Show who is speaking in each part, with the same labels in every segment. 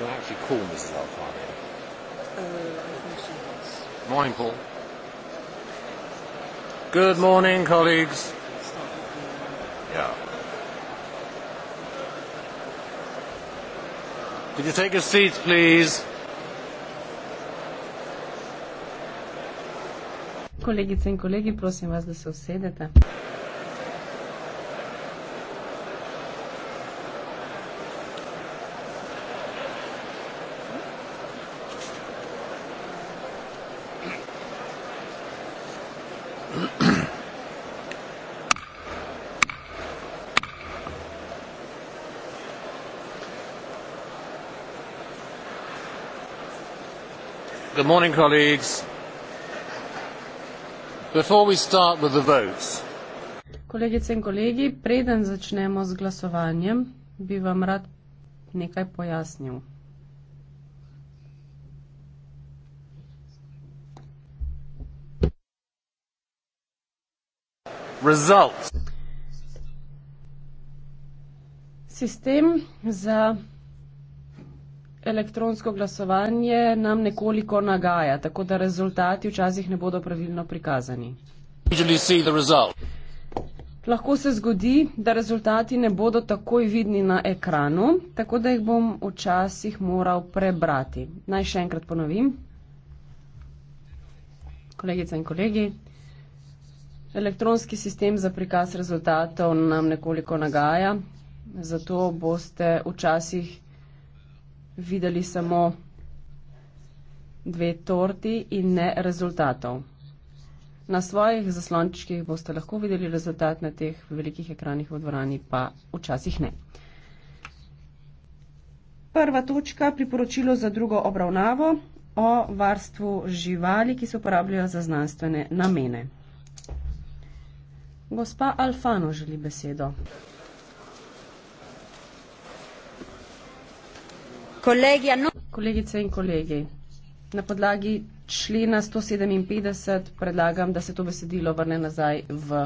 Speaker 1: You'll actually call Mrs. Love, can't you?
Speaker 2: Uh, I think she has.
Speaker 1: Morning, Paul. Good morning, colleagues. Yeah. Could you take your seats, please? Kolegice in kolegi, prosim vas, da se usedete. Good morning, colleagues. Before we start with the votes, Kolegice in kolegi, preden začnemo z glasovanjem, bi vam rad nekaj pojasnil. results. Sistem za elektronsko glasovanje nam nekoliko nagaja, tako da rezultati včasih ne bodo pravilno prikazani. Lahko se zgodi, da rezultati ne bodo takoj vidni na ekranu, tako da jih bom včasih moral prebrati. Naj še enkrat ponovim. Kolegice in kolegi. Elektronski sistem za prikaz rezultatov nam nekoliko nagaja, zato boste včasih videli samo dve torti in ne rezultatov. Na svojih zaslončkih boste lahko videli rezultat na teh velikih ekranih v dvorani, pa včasih ne. Prva točka, priporočilo za drugo obravnavo o varstvu živali, ki se uporabljajo za znanstvene namene. Gospa Alfano želi besedo. No- Kolegice in kolegi, na podlagi člena 157 predlagam, da se to besedilo vrne nazaj v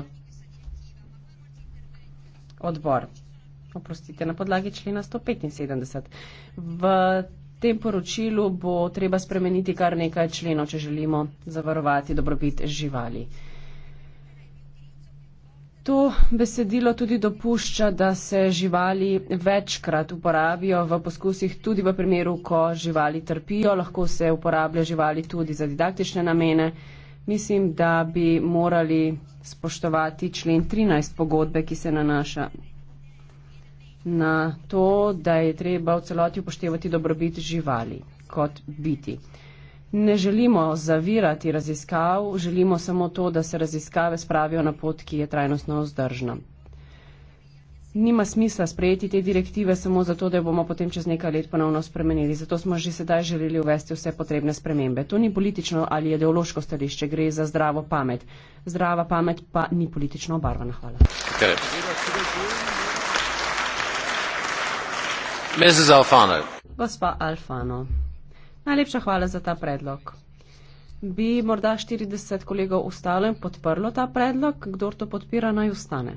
Speaker 1: odbor. Oprostite, na podlagi člena 175. V tem poročilu bo treba spremeniti kar nekaj členov, če želimo zavarovati dobrobit živali. To besedilo tudi dopušča, da se živali večkrat uporabijo v poskusih, tudi v primeru, ko živali trpijo, lahko se uporablja živali tudi za didaktične namene. Mislim, da bi morali spoštovati člen 13 pogodbe, ki se nanaša na to, da je treba v celoti upoštevati dobrobit živali kot biti. Uh, ne želimo zavirati raziskav, želimo samo to, da se raziskave spravijo na pot, ki je trajnostno vzdržna. Nima smisla sprejeti te direktive samo zato, da jo bomo potem čez nekaj let ponovno spremenili. Zato smo že sedaj želeli uvesti vse potrebne spremembe. To ni politično ali ideološko stališče, gre za zdravo pamet. Zdrava pamet pa ni politično obarvana. Hvala. Gospa Alfano. Najlepša hvala za ta predlog. Bi morda 40 kolegov ustalo in podprlo ta predlog, kdor to podpira, naj ustane.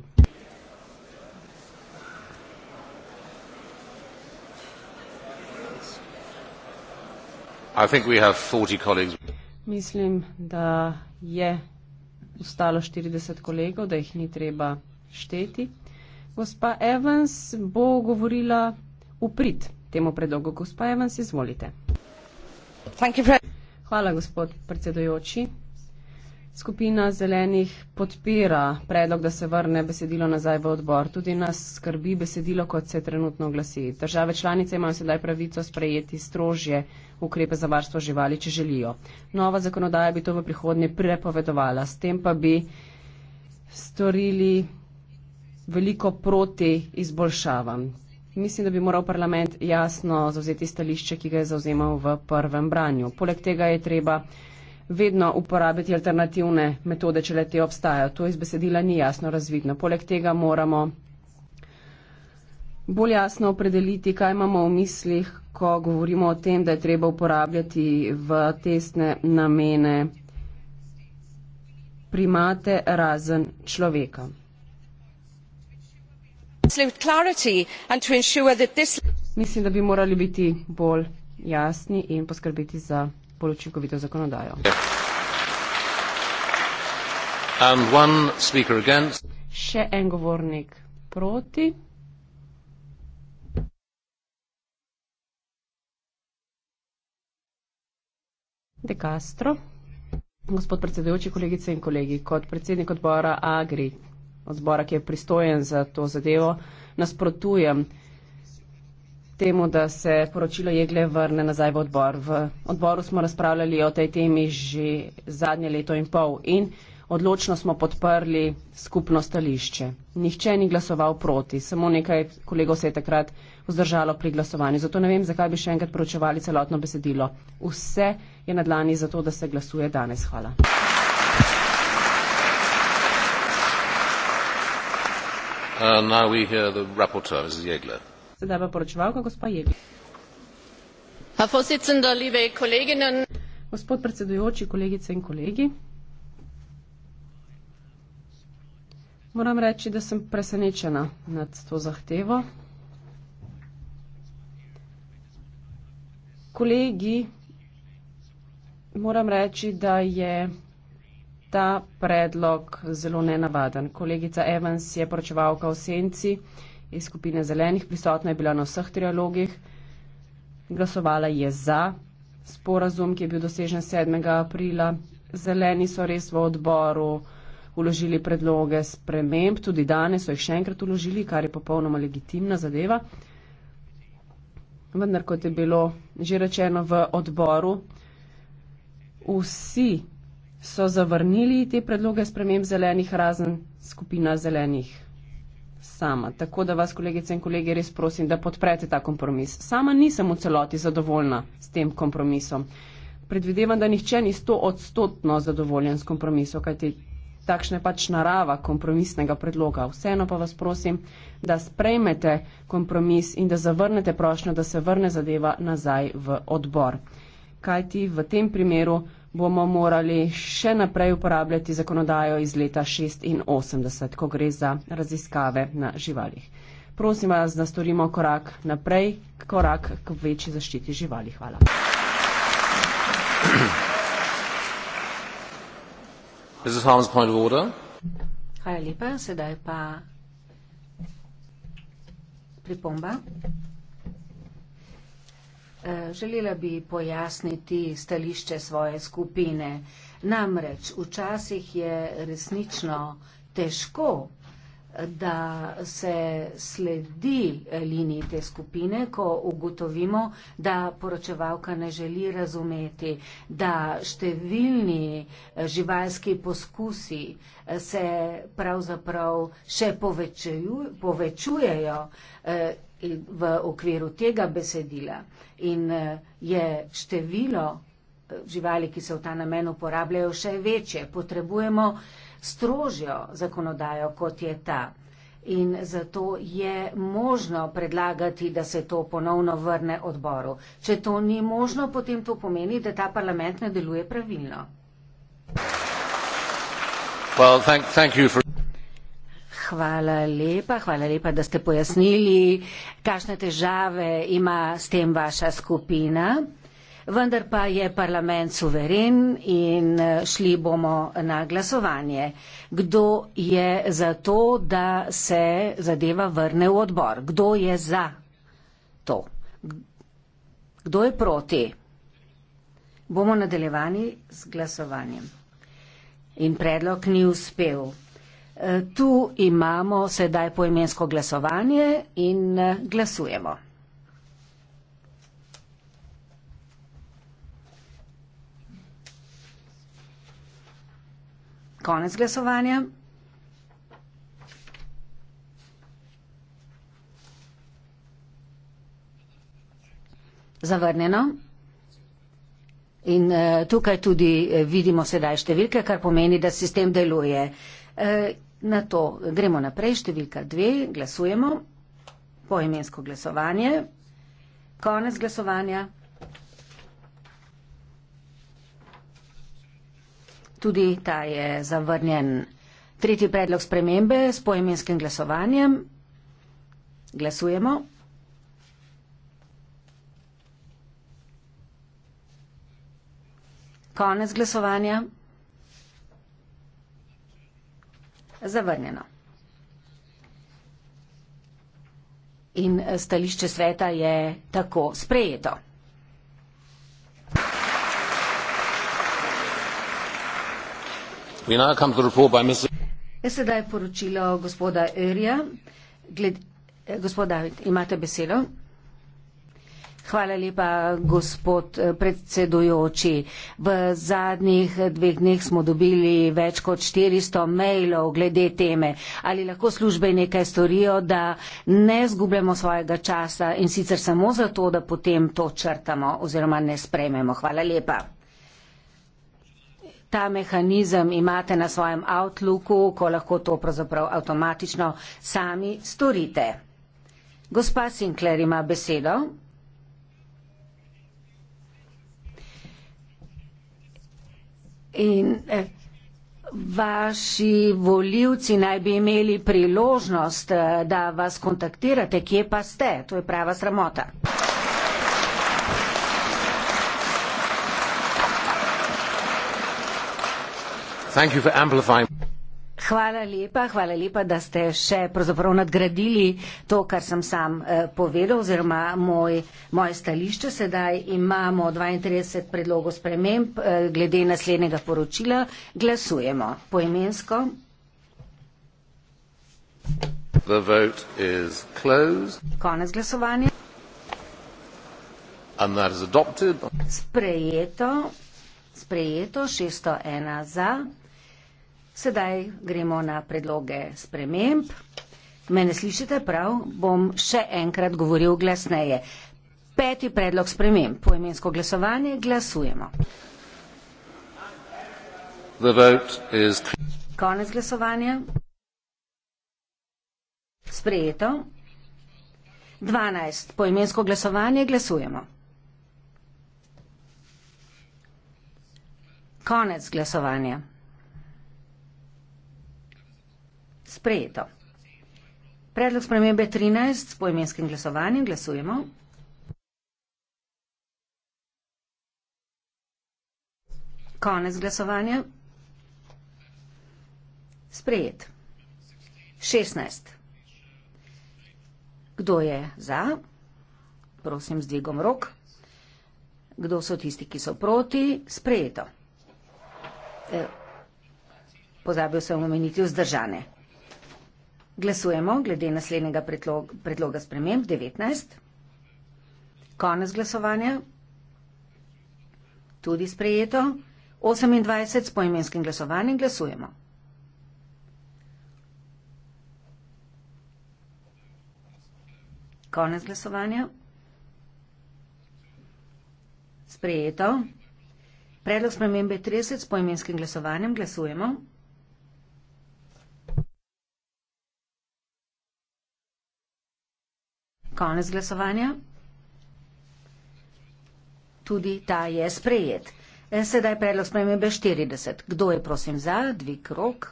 Speaker 1: Mislim, da je ustalo 40 kolegov, da jih ni treba šteti. Gospa Evans bo govorila uprit temu predlogu. Gospa Evans, izvolite. Hvala, gospod predsedujoči. Skupina zelenih podpira predlog, da se vrne besedilo nazaj v odbor. Tudi nas skrbi besedilo, kot se trenutno glasi. Države članice imajo sedaj pravico sprejeti strožje ukrepe za varstvo živali, če želijo. Nova zakonodaja bi to v prihodnje prepovedovala, s tem pa bi storili veliko proti izboljšavam mislim, da bi moral parlament jasno zavzeti stališče, ki ga je zauzemal v prvem branju. Poleg tega je treba vedno uporabiti alternativne metode, če le te obstajajo. To iz besedila ni jasno razvidno. Poleg tega moramo bolj jasno opredeliti, kaj imamo v mislih, ko govorimo o tem, da je treba uporabljati v testne namene primate razen človeka. Mislim, da bi morali biti bolj jasni in poskrbeti za bolj učinkovito zakonodajo. Še en govornik proti. De Castro. Gospod predsedujoči, kolegice in kolegi, kot predsednik odbora Agri odbora, ki je pristojen za to zadevo, nasprotujem temu, da se poročilo Jegle vrne nazaj v odbor. V odboru smo razpravljali o tej temi že zadnje leto in pol in odločno smo podprli skupno stališče. Nihče ni glasoval proti, samo nekaj kolegov se je takrat vzdržalo pri glasovanju. Zato ne vem, zakaj bi še enkrat poročevali celotno besedilo. Vse je na dlani za to, da se glasuje danes. Hvala. Uh, now we hear the rapporteur, Mrs. Jägler. Sedaj pa poročevalka, gospa Jägler. Gospod predsedujoči, kolegice in kolegi. Moram reči, da sem presenečena nad to zahtevo. Kolegi, moram reči, da je ta predlog zelo nenavaden. Kolegica Evans je poročevalka v senci iz skupine zelenih, prisotna je bila na vseh trialogih, glasovala je za sporazum, ki je bil dosežen 7. aprila. Zeleni so res v odboru uložili predloge sprememb, tudi danes so jih še enkrat uložili, kar je popolnoma legitimna zadeva. Vendar, kot je bilo že rečeno v odboru, vsi so zavrnili te predloge sprememb zelenih, razen skupina zelenih sama. Tako da vas, kolegice in kolege, res prosim, da podprete ta kompromis. Sama nisem v celoti zadovoljna s tem kompromisom. Predvidevam, da nihče ni sto odstotno zadovoljen s kompromisom, kajti takšna je pač narava kompromisnega predloga. Vseeno pa vas prosim, da sprejmete kompromis in da zavrnete prošnjo, da se vrne zadeva nazaj v odbor. Kajti v tem primeru bomo morali še naprej uporabljati zakonodajo iz leta 86, ko gre za raziskave na živalih. Prosim vas, da storimo korak naprej, korak k večji zaščiti živali. Hvala.
Speaker 2: Hvala lepa, sedaj pa pripomba. Eh, želela bi pojasniti stališče svoje skupine. Namreč včasih je resnično težko, da se sledi liniji te skupine, ko ugotovimo, da poročevalka ne želi razumeti, da številni eh, živalski poskusi eh, se pravzaprav še povečujejo v okviru tega besedila in eh, je število eh, živali, ki se v ta namen uporabljajo, še večje. Potrebujemo strožjo zakonodajo, kot je ta. In zato je možno predlagati, da se to ponovno vrne odboru. Če to ni možno, potem to pomeni, da ta parlament ne deluje pravilno.
Speaker 1: Well, thank, thank
Speaker 2: hvala lepa, hvala lepa, da ste pojasnili, kakšne težave ima s tem vaša skupina. Vendar pa je parlament suveren in eh, šli bomo na glasovanje. Kdo je za to, da se zadeva vrne v odbor? Kdo je za to? Kdo je proti? Bomo nadaljevani z glasovanjem. In predlog ni uspel. E, tu imamo sedaj poimensko glasovanje in e, glasujemo. Konec glasovanja. Zavrnjeno. In e, tukaj tudi vidimo sedaj številke, kar pomeni, da sistem deluje. Na to gremo naprej, številka dve, glasujemo, poimensko glasovanje, konec glasovanja. Tudi ta je zavrnjen. Tretji predlog spremembe s poimenskim glasovanjem. Glasujemo. Konec glasovanja. zavrnjeno. In stališče sveta je tako sprejeto.
Speaker 1: Ja,
Speaker 2: sedaj je poročilo gospoda Örja. Gospod David, imate besedo. Hvala lepa, gospod eh, predsedujoči. V zadnjih dveh dneh smo dobili več kot 400 mailov glede teme, ali lahko službe nekaj storijo, da ne zgubljamo svojega časa in sicer samo zato, da potem to črtamo oziroma ne sprememo. Hvala lepa. Ta mehanizem imate na svojem outlooku, ko lahko to pravzaprav avtomatično sami storite. Gospa Sinkler ima besedo. In eh, vaši voljivci naj bi imeli priložnost, eh, da vas kontaktirate, kje pa ste. To je prava sramota.
Speaker 1: Thank you for amplifying.
Speaker 2: Hvala lepa, hvala lepa, da ste še pravzaprav nadgradili to, kar sem sam eh, povedal oziroma moj, moje stališče. Sedaj imamo 32 predlogov sprememb eh, glede naslednjega poročila. Glasujemo poimensko.
Speaker 1: The vote is closed.
Speaker 2: Konec glasovanja.
Speaker 1: And that is adopted.
Speaker 2: Sprejeto, sprejeto, 601 za. Sedaj gremo na predloge sprememb. Mene slišite prav, bom še enkrat govoril glasneje. Peti predlog sprememb. Poimensko glasovanje glasujemo.
Speaker 1: The vote is...
Speaker 2: Konec glasovanja. Sprejeto. Dvanajst. Poimensko glasovanje glasujemo. Konec glasovanja. sprejeto. Predlog spremembe 13 s poimenskim glasovanjem glasujemo. Konec glasovanja. Sprejet. 16. Kdo je za? Prosim, z dvigom rok. Kdo so tisti, ki so proti? Sprejeto. E, pozabil sem omeniti vzdržane. Glasujemo glede naslednjega predlog, predloga sprememb 19. Konec glasovanja. Tudi sprejeto. 28 s poimenskim glasovanjem glasujemo. Konec glasovanja. Sprejeto. Predlog spremembe 30 s poimenskim glasovanjem glasujemo. Konec glasovanja. Tudi ta je sprejet. E, sedaj predlog spremembe 40. Kdo je prosim za? Dvig rok.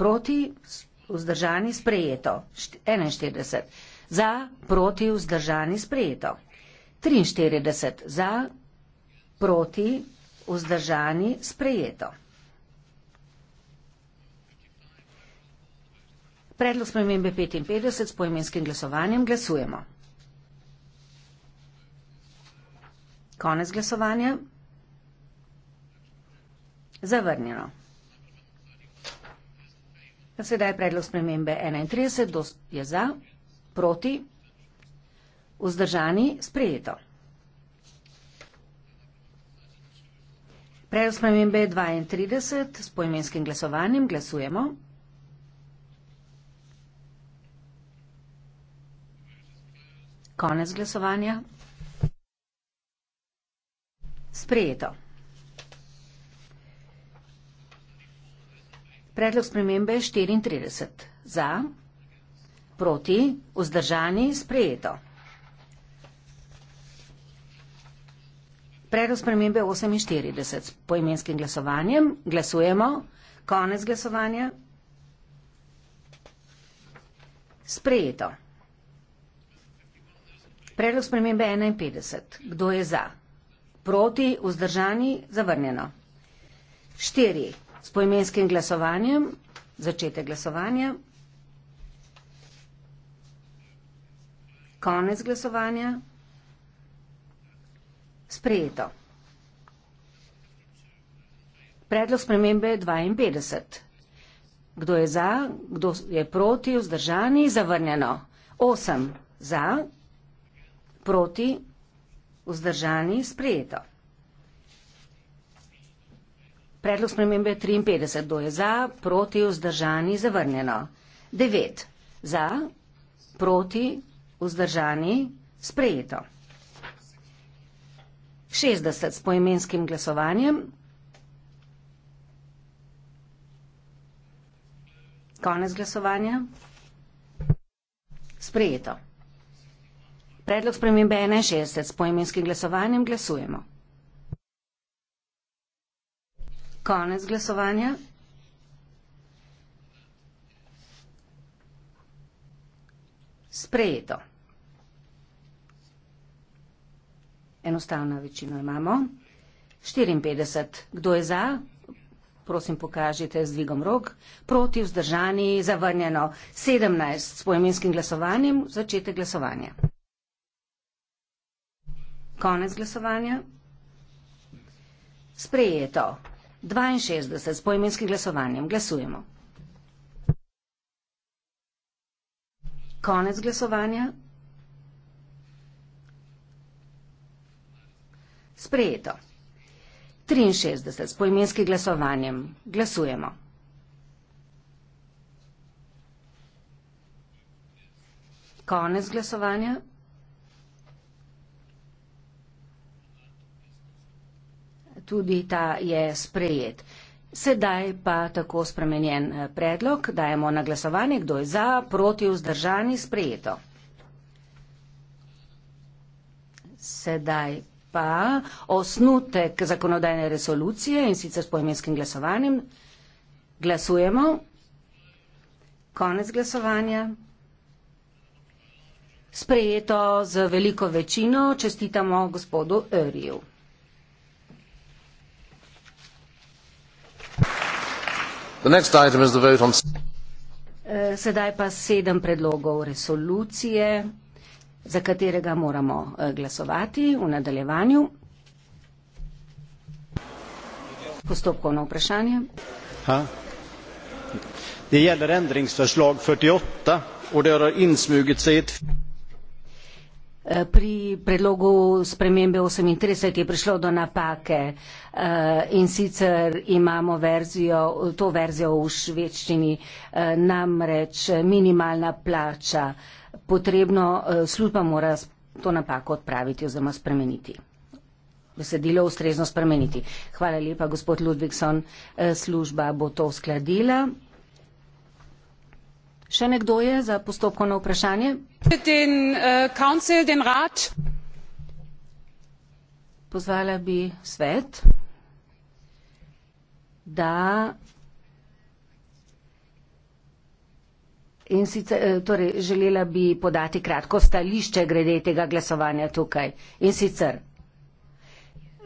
Speaker 2: Proti, vzdržani, sprejeto. 41. Za, proti, vzdržani, sprejeto. 43. Za, proti, vzdržani, sprejeto. Predlog spremembe 55 s poimenskim glasovanjem glasujemo. Konec glasovanja. Zavrnjeno. Sedaj je predlog spremembe 31, kdo je za, proti, vzdržani, sprejeto. Predlog spremembe 32 s poimenskim glasovanjem glasujemo. Konec glasovanja. Sprejeto. Predlog spremembe 34. Za, proti, vzdržani, sprejeto. Predlog spremembe 48. Po imenskim glasovanjem glasujemo. Konec glasovanja. Sprejeto. Predlog spremembe 51. Kdo je za? Proti, vzdržani, zavrnjeno. Štiri. S poimenskim glasovanjem. Začete glasovanje. Konec glasovanja. Sprejeto. Predlog spremembe 52. Kdo je za, kdo je proti, vzdržani, zavrnjeno. 8 za, proti vzdržani sprejeto. Predlog spremembe 53. Kdo je za, proti vzdržani zavrnjeno? 9. Za, proti vzdržani sprejeto. 60. S poimenskim glasovanjem. Konec glasovanja. Sprejeto. Predlog spremembe 61 s poimenskim glasovanjem glasujemo. Konec glasovanja. Sprejeto. Enostavna večina imamo. 54. Kdo je za? Prosim, pokažite z dvigom rok. Proti vzdržani, zavrnjeno. 17 s poimenskim glasovanjem. Začete glasovanje. Konec glasovanja. Sprejeto. 62 s poimenskim glasovanjem. Glasujemo. Konec glasovanja. Sprejeto. 63 s poimenskim glasovanjem. Glasujemo. Konec glasovanja. tudi ta je sprejet. Sedaj pa tako spremenjen eh, predlog, dajemo na glasovanje, kdo je za, proti, vzdržani, sprejeto. Sedaj pa osnutek zakonodajne resolucije in sicer s poimenskim glasovanjem. Glasujemo. Konec glasovanja. Sprejeto z veliko večino. Čestitamo gospodu Öriju.
Speaker 1: Eh,
Speaker 2: sedaj pa sedem predlogov resolucije, za katerega moramo eh, glasovati v nadaljevanju. Postopkovno vprašanje.
Speaker 1: Ha? Det gjelder endringsforslag 48, og det har innsmuget seg i
Speaker 2: Eh, pri predlogu spremembe 38 je prišlo do napake eh, in sicer imamo verzijo, to verzijo v švečini, eh, namreč minimalna plača. Potrebno, služba mora to napako odpraviti oziroma spremeniti. Besedilo ustrezno spremeniti. Hvala lepa, gospod Ludvikson. Služba bo to uskladila. Še nekdo je za postopkovno vprašanje? Den, uh, council, den rat. Pozvala bi svet, da in sicer, eh, torej, želela bi podati kratko stališče glede tega glasovanja tukaj. In sicer,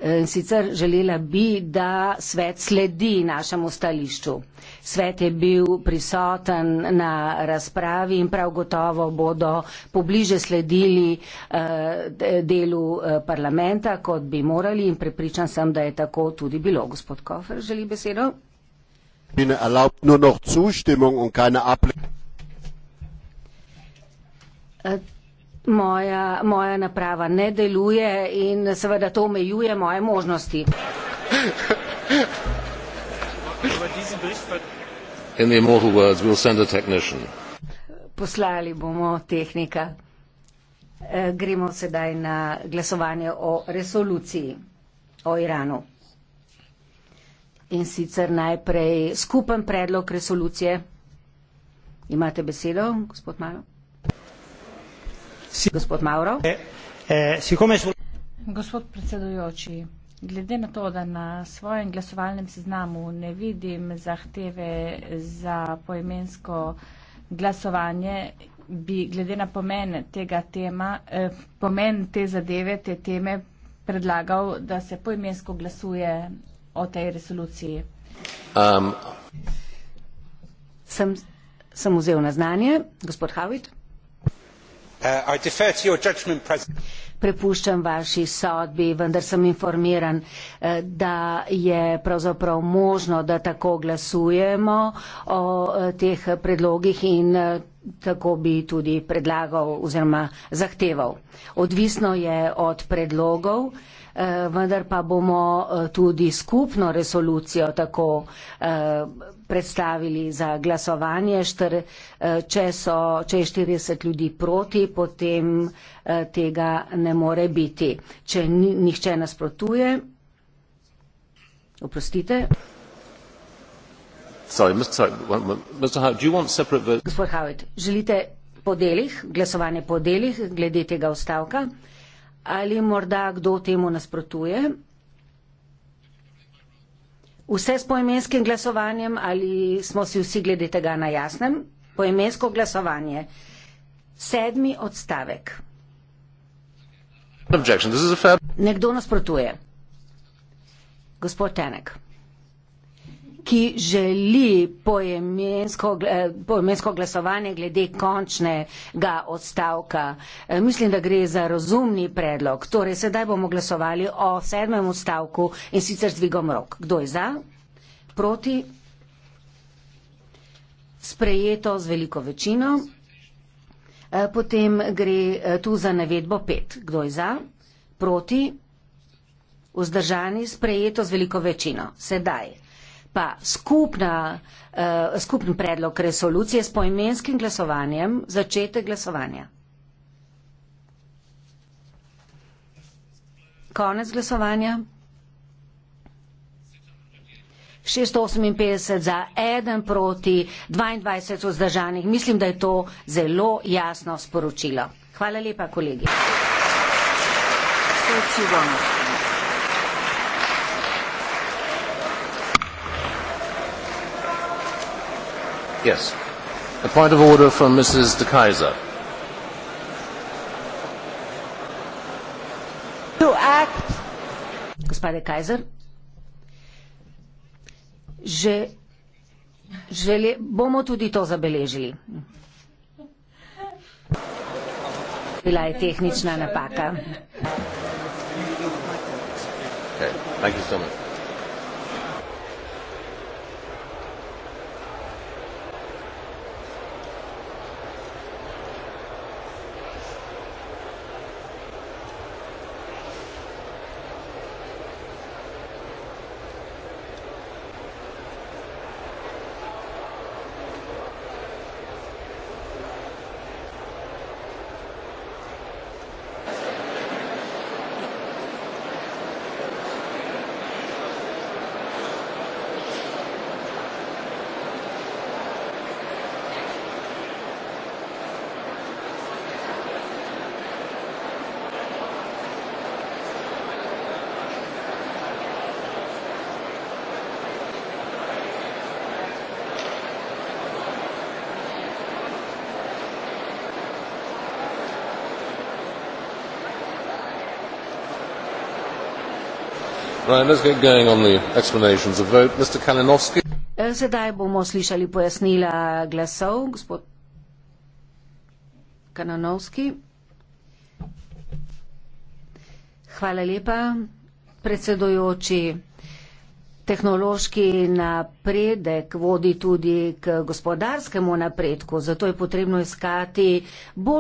Speaker 2: In eh, sicer želela bi, da svet sledi našemu stališču. Svet je bil prisoten na razpravi in prav gotovo bodo pobliže sledili eh, delu eh, parlamenta, kot bi morali in prepričan sem, da je tako tudi bilo. Gospod Kofer želi besedo. Uh, moja, moja naprava ne deluje in seveda to omejuje moje možnosti.
Speaker 1: In the immortal words, we'll send a technician.
Speaker 2: Poslali bomo tehnika. Eh, gremo sedaj na glasovanje o resoluciji o Iranu. In sicer najprej skupen predlog resolucije. Imate besedo, gospod Malo? Gospod Mauro. E, e, gospod predsedujoči, glede na to, da na svojem glasovalnem seznamu ne vidim zahteve za poimensko
Speaker 1: glasovanje, bi glede na pomen tega tema, e,
Speaker 2: pomen te zadeve, te teme, predlagal, da se poimensko glasuje o tej resoluciji. Um. Sem, sem vzel na znanje, gospod Havit.
Speaker 1: Uh,
Speaker 2: prepuščam vaši sodbi vendar sem informiran eh, da je pravzaprav možno da tako glasujemo o eh, teh predlogih in eh, tako bi tudi predlagal oziroma zahteval odvisno je od predlogov Eh, vendar pa bomo eh, tudi skupno resolucijo tako eh, predstavili za glasovanje. Štr, če, so, če je 40 ljudi proti, potem tega ne more biti. Če nihče nasprotuje. Oprostite.
Speaker 1: Sorry, Mr. Howard, do you want separate votes?
Speaker 2: Gospod Howard, želite po delih, glasovanje po delih glede tega ostavka? Uh, ali morda kdo temu nasprotuje? Vse s poimenskim glasovanjem ali smo si vsi glede tega na jasnem? Poimensko glasovanje. Sedmi odstavek. Nekdo nasprotuje. Gospod Tenek ki želi pojemensko, eh, pojemensko glasovanje glede končnega odstavka. Eh, mislim, da gre za razumni predlog. Torej, sedaj bomo glasovali o sedmem odstavku in sicer z dvigom rok. Kdo je za? Proti? Sprejeto z veliko večino. Eh, potem gre tu za navedbo pet. Kdo je za? Proti? Vzdržani, sprejeto z veliko večino. Sedaj pa skupna, uh, eh, skupen predlog resolucije s poimenskim glasovanjem začete glasovanja. Konec glasovanja. 658 za, 1 proti, 22 vzdržanih. Mislim, da je to zelo jasno sporočilo. Hvala lepa, kolegi. Thank you very much.
Speaker 1: Yes. A point of order from Mrs. De Kaiser.
Speaker 2: To act. Gospa De Kaiser. Že želi, bomo tudi to zabeležili. Bila je tehnična napaka.
Speaker 1: Okay. Thank you so much.
Speaker 2: Eh, sedaj bomo slišali pojasnila glasov, gospod Kananovski. Hvala lepa, predsedojoči. Tehnološki napredek vodi tudi k gospodarskemu napredku, zato je potrebno iskati bolj.